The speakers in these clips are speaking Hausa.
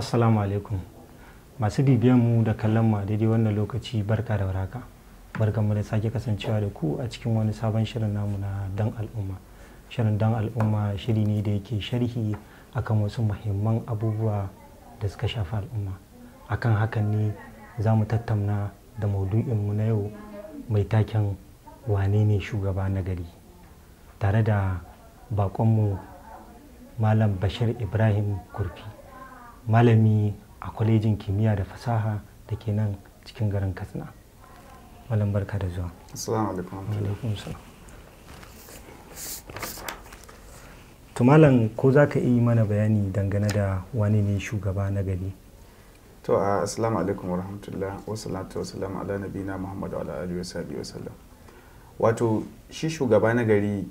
assalamu alaikum masu bibiyan mu da kallon mu daidai wannan lokaci barka da waraka barka mu da sake kasancewa da ku a cikin wani sabon shirin namu na dan al'umma shirin dan al'umma shiri ne da yake sharhi akan wasu muhimman abubuwa da suka shafi al'umma akan hakan ne za mu tattauna da maudu’in mu na yau mai taken wane ne shugaba na gari tare da mu malam bashir ibrahim kurfi malami a kwalejin kimiyya da fasaha da ke nan cikin garin katsina malam barka da zuwa assalamu alaikum to malam ko za ka yi mana bayani dangane da wani ne shugaba na gari to a assalamu alaikum wa rahmatullah wa salatu wa salam ala nabina muhammad wa alihi wa sahbihi wa sallam wato shi shugaba na gari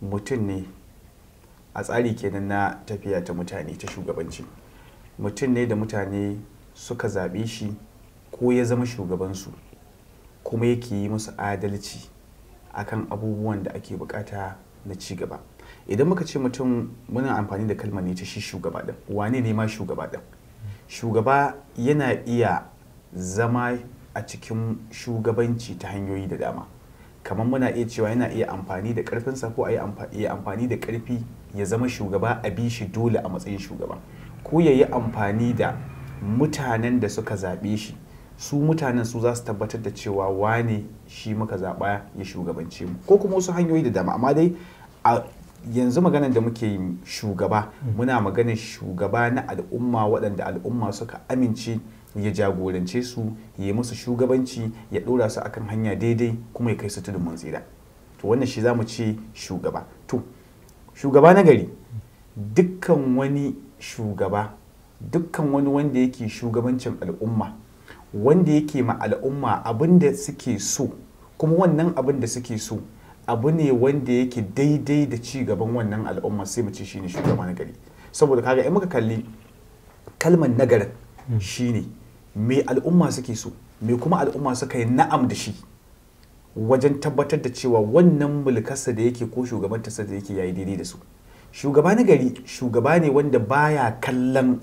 mutum ne a tsari kenan na tafiya ta mutane ta shugabanci mutum ne da mutane suka zaɓe shi ko ya zama shugabansu kuma yake yi musu adalci akan abubuwan da ake bukata na cigaba idan muka ce mutum muna amfani da kalmar ne ta shi shugaba ɗin wane ne ma shugaba ɗin shugaba yana iya zama a cikin shugabanci ta hanyoyi da dama kamar muna iya cewa yana iya amfani da karfinsa ko a yi amfani da karfi ya zama shugaba a bi shi dole a matsayin shugaba ko ya yi amfani da mutanen da suka zaɓe shi su mutanen su za su tabbatar da cewa wane shi muka zaɓa ya shugabance mu ko kuma wasu hanyoyi da dama amma dai a yanzu maganar da muke yi shugaba hmm. muna maganar shugaba na al'umma waɗanda al'umma suka amince ya jagorance su ya yi musu shugabanci ya ɗora su akan hanya daidai kuma ya kai su tudun mun tsira to wannan shi za mu ce shugaba to shugaba na gari dukkan wani shugaba dukkan wani wanda yake shugabancin al'umma wanda yake ma al'umma abin da suke so kuma wannan abin da suke so abu ne wanda yake daidai da ci gaban wannan al'umma sai mu ce shine shugaba na gari saboda kaga in muka kalli kalmar nagarin shine me al'umma suke so me kuma al'umma suka yi na'am da shi wajen tabbatar da cewa wannan mulkarsa da yake ko shugabantarsa da yake yayi daidai da su shugaba na gari shugaba ne wanda baya kallon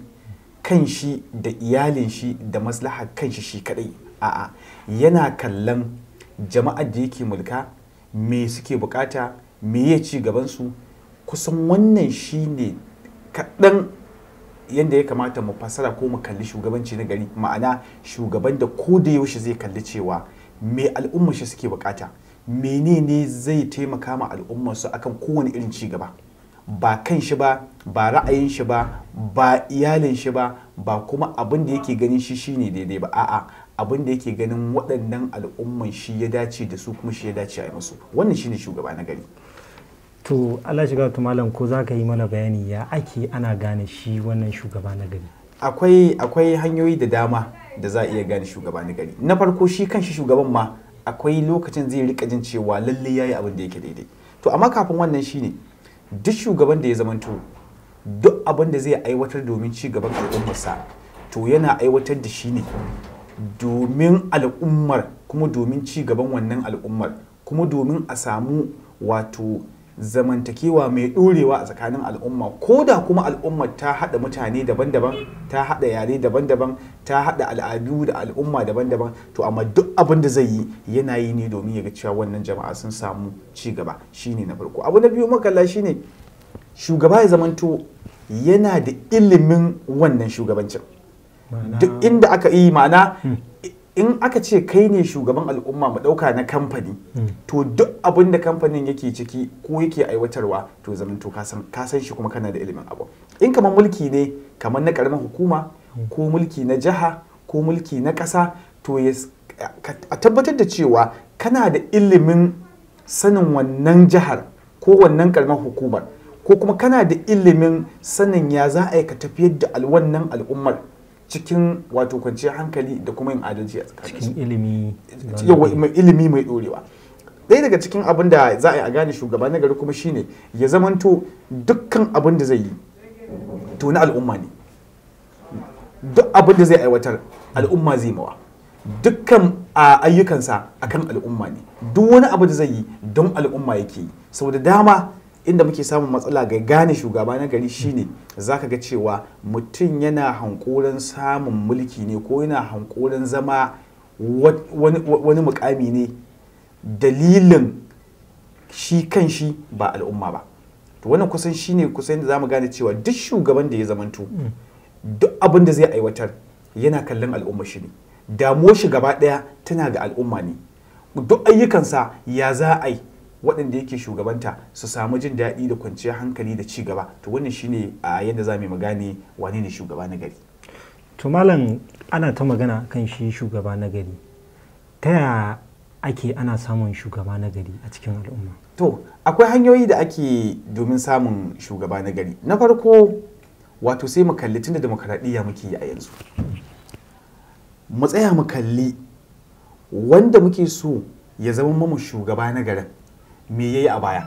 kan shi da iyalin shi da maslaha kan shi shi kadai a'a yana kallon jama'ar da yake mulka me suke bukata me ya ci gaban su. kusan wannan shi ne kaɗan yadda ya kamata mu fasara ko mu kalli shugabanci na gari ma'ana shugaban da ko da yaushe zai kalli cewa me al'ummar shi suke bukata menene zai taimaka ma al'ummar su akan kowane irin ci gaba ba kan shi ba ba ra'ayin shi ba ba iyalin shi ba ba kuma abin da yake ganin shi shine daidai ba a'a abin da yake ganin waɗannan al'umman shi ya dace da su kuma shi ya dace a yi musu wannan shine shugaba na gari to Allah shiga to malam ko zaka yi mana bayani ya ake ana gane shi wannan shugaba na gari akwai akwai hanyoyi da dama da za a iya gane shugaba na gari na farko shi kanshi shugaban ma akwai lokacin zai rika jin cewa lalle yayi abin da yake daidai to amma kafin wannan shine duk shugaban da ya zamanto duk abin da zai aiwatar domin ci gaban al'ummarsa to yana aiwatar da shi ne domin al'ummar kuma domin ci gaban wannan al'ummar kuma domin a samu wato zamantakewa mai ɗorewa a tsakanin al'umma ko da kuma al'umma ta haɗa mutane daban-daban ta haɗa yare daban-daban ta haɗa al'adu da al'umma daban-daban to amma duk abin da zai yi yana yi ne domin ya ga cewa wannan jama'a sun samu ci gaba shine na farko abu na biyu makalla shine shugaba ya zamanto yana da ilimin wannan shugabancin duk inda aka yi ma'ana hmm. in aka ce kai ne shugaban al'umma mu ɗauka na kamfani to duk abin da kamfanin yake ciki ko yake aiwatarwa to zaman to ka san shi kuma kana da ilimin abu in kamar mulki ne kamar na karamin hukuma ko mulki na jiha ko mulki na ƙasa to a tabbatar da cewa kana da ilimin sanin wannan jihar ko wannan karamar hukumar ko kuma kana da ilimin sanin ya za a yi ka tafiyar da wannan al'ummar cikin wato kwanciyar hankali da kuma yin adalci a tsakanin cikin ilimi mai dorewa ɗaya daga cikin abin da za a yi gane shugaba na gari kuma shine ya zamanto dukkan abin da zai yi to na al'umma ne duk abin da zai aiwatar al'umma zai mawa dukkan ayyukansa akan al'umma ne duk wani abu da zai yi don al'umma yake yi saboda dama inda muke samun matsala ga gane shugaba na gari shine zaka ga cewa mutum yana hankulan samun mulki ne ko yana hankulan zama wani mukami ne dalilin shi kan shi ba al'umma ba to wannan kusan shine kusan da zamu gane cewa duk shugaban da ya zamanto duk abin da zai aiwatar yana kallon al'umma shi ne damuwar shi gaba daya tana ga al'umma ne duk ayyukansa ya za a yi waɗanda yake shugabanta su samu jin daɗi da kwanciyar hankali da ci gaba to wannan shine a yadda za mu yi magani wane ne shugaba na gari to malam ana ta magana kan shi shugaba na gari ta ya ake ana samun shugaba na gari a cikin al'umma to akwai hanyoyi da ake domin samun shugaba na gari na farko wato sai mu kalli tunda demokaradiyya muke yi a yanzu mu tsaya mu kalli wanda muke so ya zama mamu shugaba na garin me yayi a baya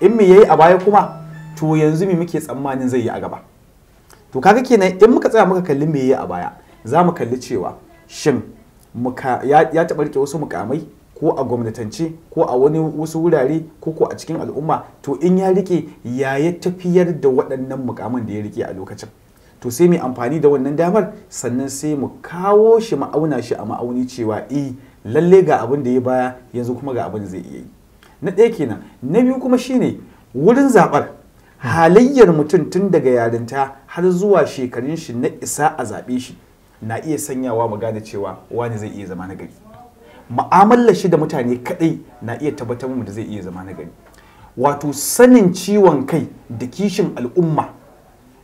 in me yayi a baya kuma to yanzu me muke tsammanin zai yi a gaba to kaga kenan in muka tsaya muka kalli me yayi a baya za mu kalli cewa shin ya taɓa rike wasu mukamai ko a gwamnatance ko a wani wasu wurare ko ko a cikin al'umma to in ya rike ya ya tafiyar da waɗannan mukaman da ya rike a lokacin to sai mai amfani da wannan damar sannan sai mu kawo shi ma'auna shi a ma'auni cewa eh lalle ga abin da ya baya yanzu kuma ga abin da zai iya yi na ɗaya kenan na biyu kuma shine wurin zaɓar halayyar mutum tun daga yarinta har zuwa shekarun shi na isa a zaɓe shi na iya sanyawa mu gane cewa wani zai iya zama nagari mu'amalar shi da mutane kaɗai na iya tabbatar mu da zai iya zama nagari wato sanin ciwon kai da kishin al'umma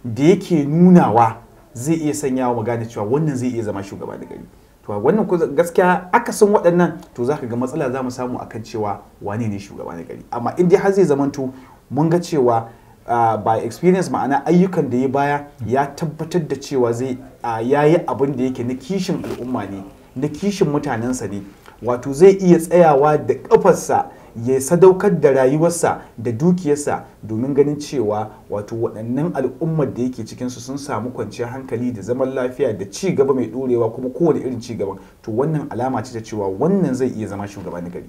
da yake nunawa zai iya sanyawa mu gane cewa wannan zai iya zama shugaba nagari to wannan gaskiya akasin waɗannan to za ka ga matsala za mu samu akan cewa wane ne shugaba na gari amma in dai har zai zamanto mun ga cewa Uh, by experience ma'ana ayyukan da ya baya ya tabbatar da cewa zai uh, ya yi abin da yake na kishin al'umma ne na kishin mutanensa ne wato zai iya tsayawa da kafarsa ya sadaukar da rayuwarsa da dukiyarsa domin ganin cewa wato waɗannan al'ummar da yake cikinsu sun samu kwanciyar hankali da zaman lafiya da ci gaba mai ɗorewa kuma kowane irin ci gaban to wannan alama ce ta cewa wannan zai iya zama shugaba na gari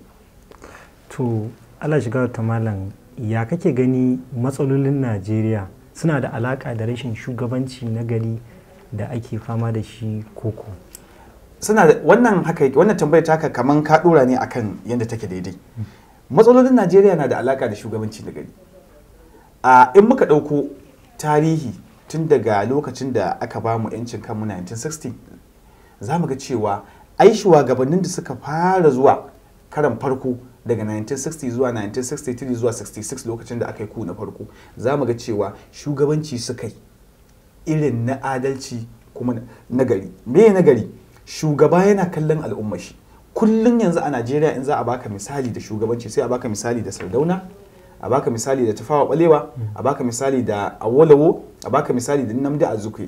to Allah shiga ta malam ya kake gani matsalolin Najeriya suna da alaka da rashin shugabanci na gari da ake fama da shi koko wannan haka wannan tambayar taka kaman ka dora ne akan yadda take daidai matsalolin najeriya na da alaka da shugabanci na gari a in muka ɗauko tarihi tun daga lokacin da aka ba mu 'yancin kanmu 1960 za mu ga cewa ai shugabannin da suka fara zuwa karan farko daga 1960 zuwa 1963 zuwa 66 lokacin da aka yi ku na farko za mu ga cewa shugabanci suka yi irin na adalci kuma na gari me na gari shugaba yana kallon al'ummashi shi kullun yanzu a Najeriya in za a baka misali da shugabanci sai a baka misali da Sardauna a baka misali da Tafawa Balewa a baka misali da Awolowo a baka misali da Namdi Azikiwe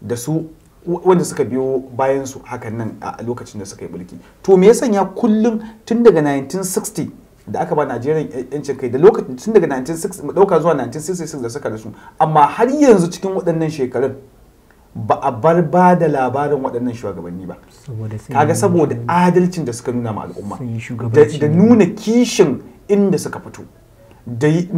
da su wanda suka biyo bayan su hakan nan a lokacin da suka yi mulki to me ya sanya kullum tun daga 1960 da aka ba Najeriya yancin kai da lokacin tun daga 1960 dauka zuwa 1966 da suka rasu amma har yanzu cikin waɗannan shekarun ba a bar ba da labarin waɗannan shugabanni ba kaga saboda adalcin da suka nuna ma al'umma da nuna kishin inda suka fito da yin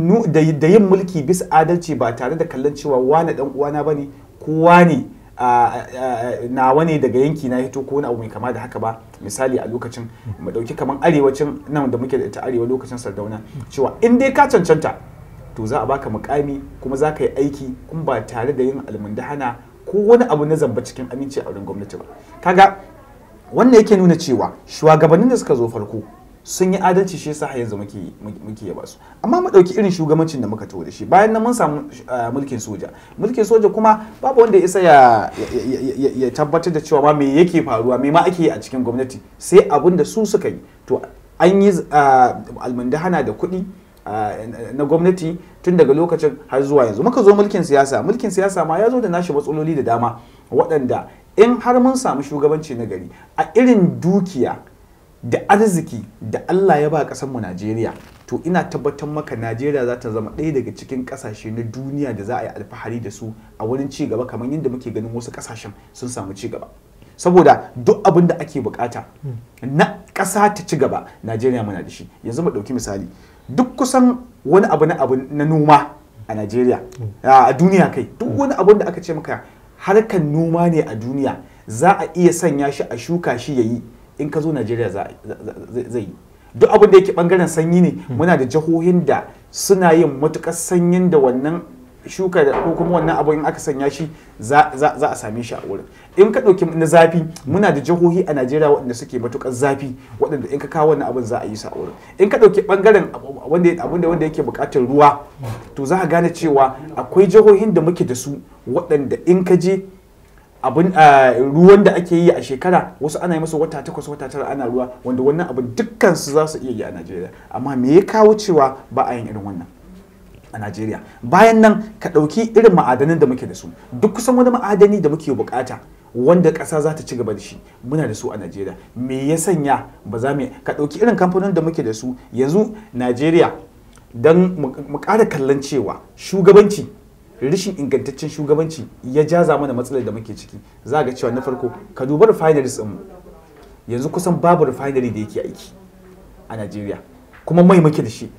mulki bisa adalci ba tare da kallon cewa wane dan uwana bane kowa ne na ne daga yanki na hito ko wani abu mai kama da haka ba misali a lokacin mu dauki kamar arewacin nan da muke da ita arewa lokacin sardauna cewa in dai ka cancanta to za a baka mukami kuma za ka yi aiki kuma ba tare da yin almundahana ko wani abu na zamba cikin aminci a wurin gwamnati ba kaga wannan yake nuna cewa shugabannin da suka zo farko sun yi adalci shi yasa yanzu muke muke yaba su amma mu dauki irin shugabancin da muka tawo da shi bayan nan mun samu eh, mulkin soja mulkin soja kuma babu wanda ya isa ya tabbatar da cewa ma me yake faruwa me ma ake yi a cikin gwamnati sai abun da su suka yi to an yi eh, almundahana da kuɗi na gwamnati tun daga lokacin har zuwa yanzu muka zo mulkin siyasa mulkin siyasa ma ya zo da nashi matsaloli da dama waɗanda in har mun samu shugabanci na gari a irin dukiya da arziki da Allah ya ba mu Najeriya to ina tabbatar maka Najeriya za ta zama ɗaya daga cikin ƙasashe na duniya da za a yi alfahari da su a wurin ci gaba kamar yadda muke ganin wasu ƙasashen sun samu ci gaba saboda duk abin da ake bukata hmm. na ƙasa ta ci gaba Najeriya muna da shi yanzu mu ɗauki misali duk kusan wani abu na abu na noma a Najeriya a duniya kai duk wani abu da aka ce maka harkar noma ne a duniya za a iya sanya shi a shuka shi ya yi in ka zo Najeriya zai yi duk abin da yake bangaren sanyi ne muna da jihohin da suna yin matukar sanyin da wannan shuka da ko kuma wannan abu in aka sanya shi za a same shi a wurin in ka ɗauki na zafi muna da jihohi a najeriya waɗanda suke matuƙar zafi waɗanda in ka kawo wannan abin za a yi sa a wurin in ka ɗauki ɓangaren abin da wanda yake buƙatar ruwa to za a gane cewa akwai jihohin da muke da su waɗanda in ka je abin ruwan da ake yi a shekara wasu ana yi masa wata takwas wata tara ana ruwa wanda wannan abin dukkan su za su iya yi a najeriya amma me ya kawo cewa ba a yin irin wannan a Najeriya bayan nan ka ɗauki irin ma'adanan da muke da su duk kusan wani ma'adani da muke bukata wanda ƙasa za ta ci gaba da shi muna da su a Najeriya me ya sanya ba za mu ka ɗauki irin kamfanonin da muke da su yanzu Najeriya don mu ƙara kallon cewa shugabanci rashin ingantaccen shugabanci ya jaza mana matsalar da muke ciki za ga cewa na farko ka duba refineries mu yanzu kusan babu refinery da yake aiki a Najeriya kuma mai muke da shi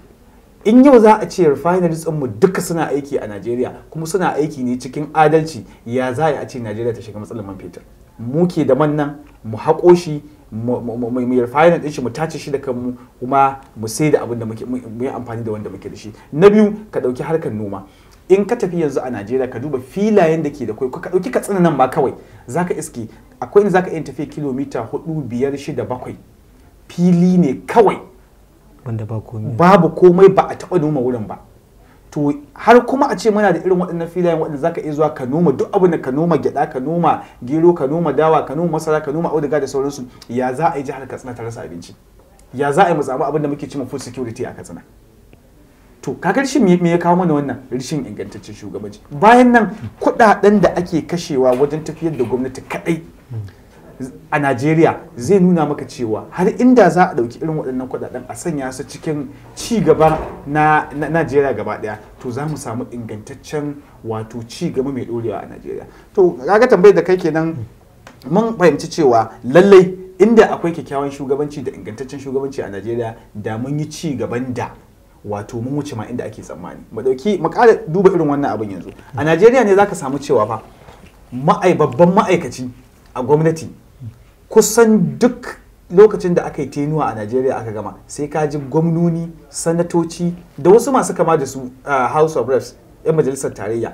in yau za a ce refineries mu duka suna aiki a Najeriya kuma suna aiki ne cikin adalci ya za a ce Najeriya ta shiga matsalar man fetur mu ke da man nan mu haƙo shi mu refineries din shi mu tace shi da kanmu kuma mu sai da abin da muke mu yi amfani da wanda muke da shi na biyu ka ɗauki harkar noma in ka tafi yanzu a Najeriya ka duba filayen da ke da kwai ka ɗauki katsina nan ba kawai za ka iske akwai inda ka iya tafiya kilomita hudu biyar shida bakwai fili ne kawai babu komai ba a taɓa noma wurin ba to har kuma a ce muna da irin waɗannan filayen waɗanda zaka iya zuwa ka noma duk abin da ka noma gyaɗa ka noma gero ka noma dawa ka noma masara ka noma auduga da sauransu ya za a yi jihar katsina ta rasa abinci ya za a yi mu samu abin da muke cewa food security a katsina to kakar shi me ya kawo mana wannan rishin ingantaccen shugabanci bayan nan kuɗaɗen da ake kashewa wajen tafiyar da gwamnati kaɗai a Najeriya zai nuna maka cewa har inda za a ɗauki irin waɗannan kuɗaɗen a sanya su cikin ci gaba na Najeriya gaba ɗaya to za mu samu ingantaccen wato ci gaba mai ɗorewa a Najeriya to kaga tambayar da kai kenan mun fahimci cewa lallai inda akwai kyakkyawan shugabanci da ingantaccen shugabanci a Najeriya da mun yi ci gaban da wato mun wuce ma inda ake tsammani mu dauki mu ƙara duba irin wannan abin yanzu a Najeriya ne zaka samu cewa fa ma'ai babban ma'aikaci a gwamnati kusan duk lokacin da aka yi tenuwa a najeriya aka gama sai ka ji gwamnoni sanatoci da wasu masu kama da su house of reps 'yan majalisar tarayya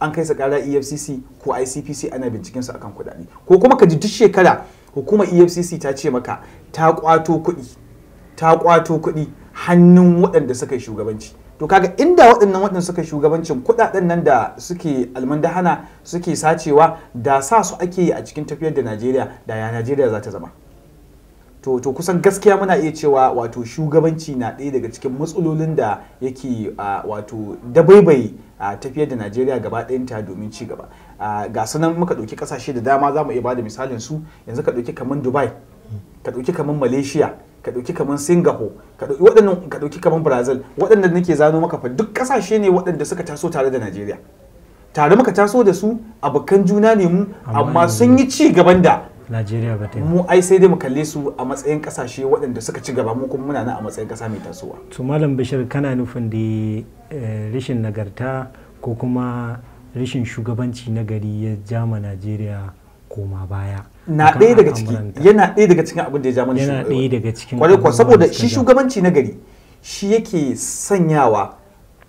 an kai su kara efcc ko icpc ana binciken su akan kudade ko kuma ka ji duk shekara hukumar efcc ta ce maka ta kwato kuɗi ta kwato kuɗi hannun waɗanda suka yi shugabanci to kaga inda waɗannan waɗanda suka shugabancin kuɗaɗen nan da suke almandahana suke sacewa da sa su ake yi a cikin tafiyar da najeriya da ya najeriya za ta zama to to kusan gaskiya muna iya cewa wato shugabanci na ɗaya daga cikin matsalolin da yake wato dabaibayi a tafiyar da najeriya gaba ɗayanta domin ci gaba ga sanan muka ɗauki ƙasashe da dama za mu iya bada misalin su yanzu ka ɗauki kamar dubai ka ɗauki kamar malaysia ka dauki kamar singapore ka dauki waɗannan ka dauki kamar brazil waɗanda nake zano maka fa duk kasashe ne waɗanda suka taso tare da najeriya tare muka taso da su abokan juna ne mu amma sun yi ci gaban da Najeriya ba Mu ai sai dai mu kalle su a matsayin kasashe waɗanda suka ci gaba mu kuma muna na a matsayin ƙasa mai tasowa. To Malam Bashir kana nufin da eh, rashin nagarta ko kuma rashin shugabanci na gari ya jama Najeriya koma baya na ɗaya daga ciki yana ɗaya daga cikin abin da ya ja mana yana ɗaya daga cikin kwarai kwa saboda shi shugabanci na gari shi yake sanyawa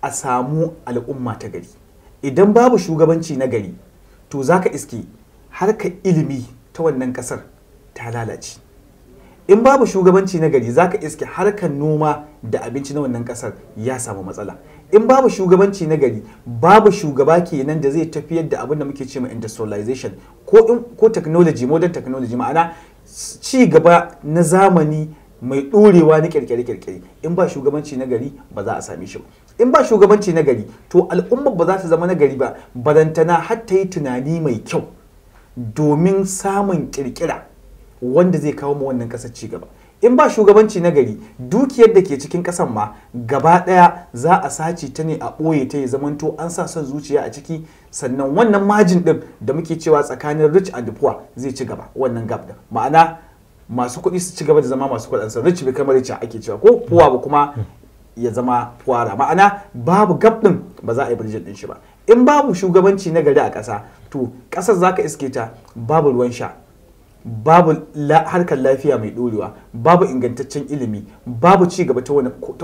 a samu al'umma ta gari idan babu shugabanci na gari to zaka iske harka ilimi ta wannan kasar ta lalace in babu shugabanci na gari zaka iske harkar noma da abinci na wannan kasar ya samu matsala in babu shugabanci na gari babu shugaba kenan da zai tafiyar da abin da muke cewa industrialization ko ko technology modern technology ma'ana ci gaba na zamani mai ɗorewa na kirkire-kirkire in ba shugabanci na gari ba za a same shi ba in ba shugabanci na gari to al'umma ba za ta zama na gari ba barantana har ta yi tunani mai kyau domin samun kirkira wanda zai kawo ma wannan ƙasar ci gaba in ba shugabanci na gari dukiyar da ke cikin kasan ma gaba ɗaya za a sace ta ne a ɓoye ta ya zamanto an sa son zuciya a ciki sannan wannan majin ɗin da muke cewa tsakanin rich and poor zai ci gaba wannan gap ɗin ma'ana masu kuɗi su ci gaba da zama masu kuɗin rich bai kamar rich ake cewa ko poor ba kuma ya zama poor ma'ana babu gab ɗin ba za a yi birjin ɗin shi ba in babu shugabanci na gari a ƙasa to ƙasar za ka iske ta babu ruwan sha babu harkar lafiya mai dorewa babu ingantaccen ilimi babu ci gaba ta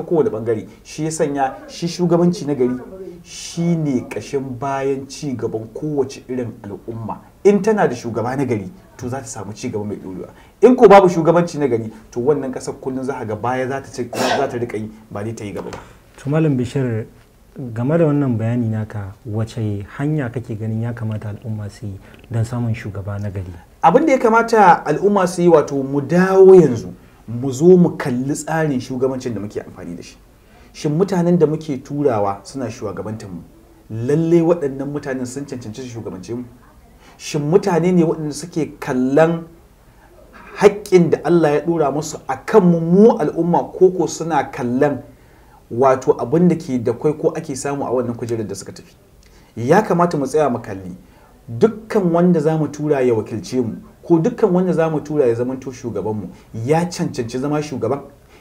kowane bangare shi ya sanya shi shugabanci na gari shi ne ƙashin bayan ci gaban kowace irin al'umma in tana da shugaba na gari to za ta samu ci gaba mai dorewa in ko babu shugabanci na gari to wannan ƙasar kullum za ga baya za ta rika yi ba dai ta yi gaba ba to malam bishir game da wannan bayani naka wace hanya kake ganin ya kamata al'umma su yi don samun shugaba na gari abin da ya kamata al'umma su yi wato mu dawo yanzu mu zo mu kalli tsarin shugabancin da muke amfani da shi shin mutanen da muke turawa suna shugabantar mu lalle waɗannan mutanen sun cancanci shugabance mu shin mutane ne waɗanda suke kallon haƙƙin da Allah ya ɗora musu a kan mu al'umma koko suna kallon wato abin da ke da kwai ko ake samu a wannan kujerar da suka tafi ya kamata mu tsaya mu kalli dukkan wanda za mu tura ya wakilce mu ko dukkan wanda za mu tura ya zamanto shugabanmu ya cancanci zama shugaban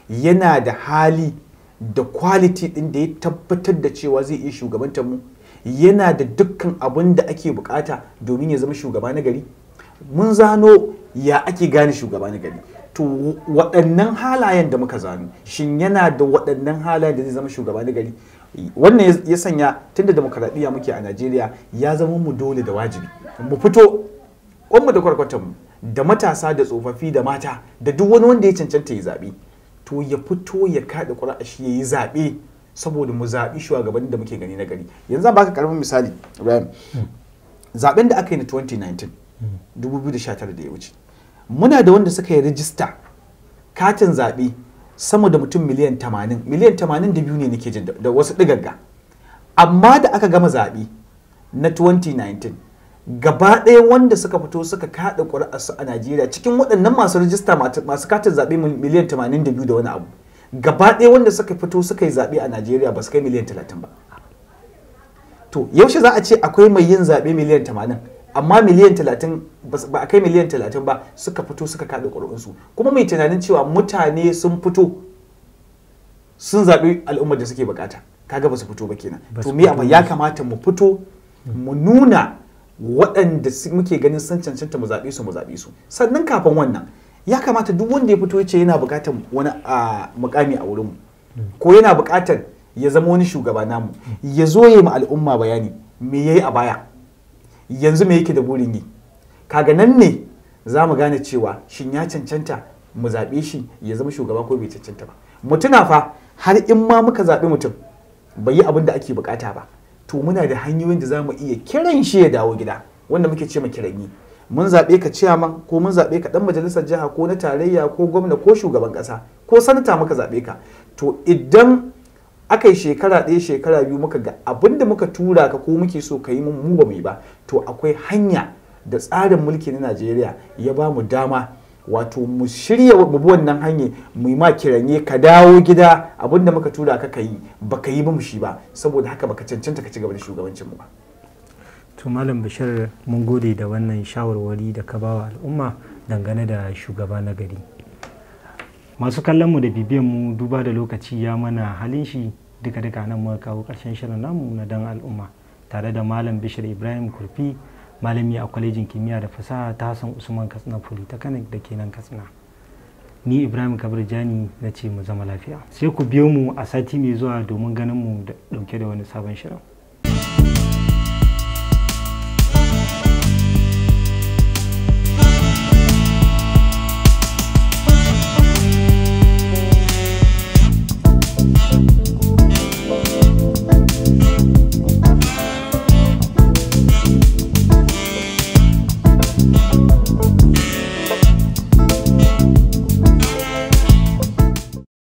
yana da hali da kwaliti ɗin da ya tabbatar da cewa zai iya shugabantar mu yana da dukkan abin da ake bukata domin ya zama shugaba na gari mun zano ya ake gane shugaba na gari to waɗannan halayen da muka zano shin yana da waɗannan halayen da zai zama shugaba na gari wannan ya sanya tun da demokaradiyya muke a Najeriya ya zama mu dole da wajibi mu fito mu da kwarkwatan mu da matasa da tsofaffi da mata da duk wani wanda ya cancanta ya zaɓe to ya fito ya kaɗa ƙura'a shi ya yi zaɓe saboda mu zaɓi shugabannin da muke gani na gari yanzu zan baka karamin misali Ibrahim hmm. zaɓen da aka yi na 2019 2019 da ya wuce muna da wanda suka yi rijista katin zaɓe sama da mutum miliyan 80 miliyan 82 ne nake jin da wasu digagga amma da aka gama zaɓe na 2019 gaba ɗaya wanda suka fito suka kaɗa ƙuri'arsu a Najeriya cikin waɗannan masu rajista masu katin zaɓe miliyan 82 da wani abu gaba ɗaya wanda suka fito suka yi zaɓe a Najeriya ba su kai miliyan 30 ba to yaushe za a ce akwai mai yin zaɓe miliyan 80 amma miliyan talatin ba a kai miliyan talatin ba suka fito suka kada ƙuri'unsu kuma mai tunanin cewa mutane sun fito sun zaɓi al'ummar da suke bukata kaga ba su fito ba kenan to me amma ya kamata mu fito mu nuna waɗanda muke ganin sun cancanta mu zaɓe su mu zaɓe su sannan kafin wannan ya kamata duk wanda ya fito ya ce yana bukatar wani mukami a wurinmu ko yana bukatar ya zama wani shugaba namu ya zo yi ma al'umma bayani me yayi a baya yanzu me yake da burin yi kaga nan ne za mu gane cewa shin ya cancanta mu zaɓe shi ya zama shugaba ko bai cancanta ba mutuna fa har in ma muka zaɓi mutum bai yi abin da ake bukata ba to muna da hanyoyin da za mu iya kiran shi ya dawo gida wanda muke ce ma yi. mun zaɓe ka ciyama ko mun zaɓe ka ɗan majalisar jiha ko na tarayya ko gwamna ko shugaban ƙasa ko sanata muka zaɓe ka to idan aka yi shekara ɗaya shekara biyu muka ga abin da muka tura ka ko muke so ka yi mun mu ba mu yi ba to akwai hanya da tsarin mulki na najeriya ya ba mu dama wato mu shirya mu bi wannan hanya mu yi ma kiranye ka dawo gida abin da muka tura ka ka yi ba ka yi mu shi ba saboda haka baka cancanta ka ci gaba da shugabancin mu ba to malam bashir mun gode da wannan shawarwari da ka bawa al'umma dangane da shugaba na gari masu kallon mu da bibiyan mu duba da lokaci ya mana halin shi duka duka nan muka kawo karshen shirin namu na dan al'umma tare da malam bishir ibrahim kurfi malami a kwalejin kimiyya da fasaha ta hassan usman katsina polytechnic da kenan katsina ni ibrahim kabir jani na ce mu zama lafiya sai ku biyo mu a sati mai zuwa domin ganin mu dauke da wani sabon shirin